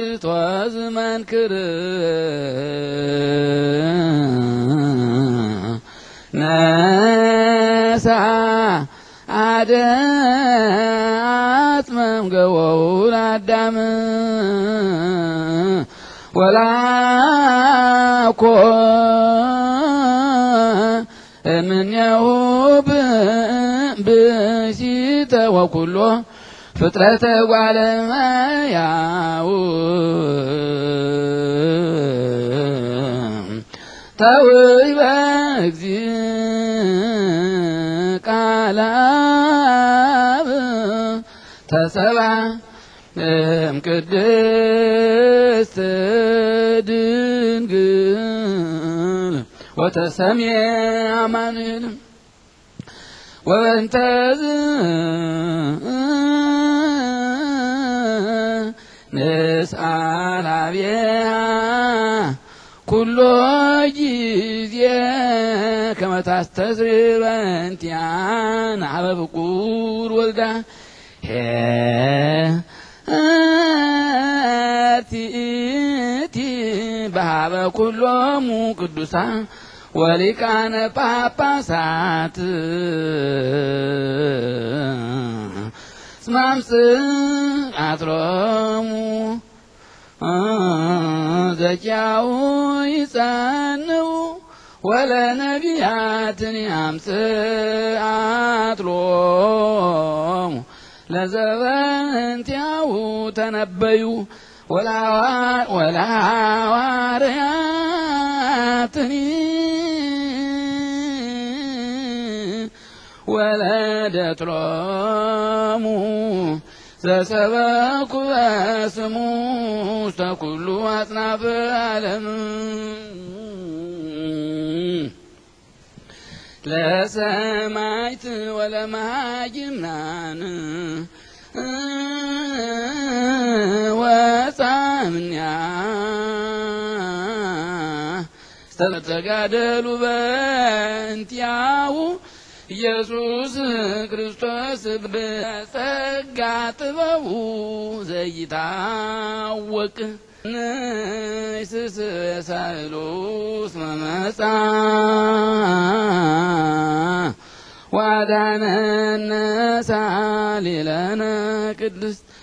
ክርስቶስ ክር ነሳ አደት መምገወውን አዳም ወላኮ እምኔሁ ብእሲተ ወኩሎ ፍጥረተ ጓለማያው ተውይ በእግዚ ቃላብ ተሰባ እምቅድስት ድንግል ወተሰሜ አማንን ወበንተዝ ይስአል አብየሃ ኩሎ ጊዜ ከመታስተስርበንቲያን አበብቁር ወልዳ ሄርቲ በሃበ ኩሎሙ ቅዱሳ ወሊቃነ ጳጳሳት ስማምስ አትሮሙ ዘኪያው ይጸንው ወለነቢያትን ያምጽ አጥሎሙ ለዘበንቲያው ተነበዩ ወላዋርያትኒ ወለደትሎሙ ዘሰበኩ ስሙ ውስተ ኩሉ አጽናፈ ዓለም ለሰማይት ወለማጅምናን ወጻምንያ ተጋደሉ በእንቲያው ኢየሱስ ክርስቶስ በጸጋ ጥበቡ ዘይታወቅ ንይስስ ሳይሉስ መመጻ ዋዳነነ ሳሊለነ ቅድስት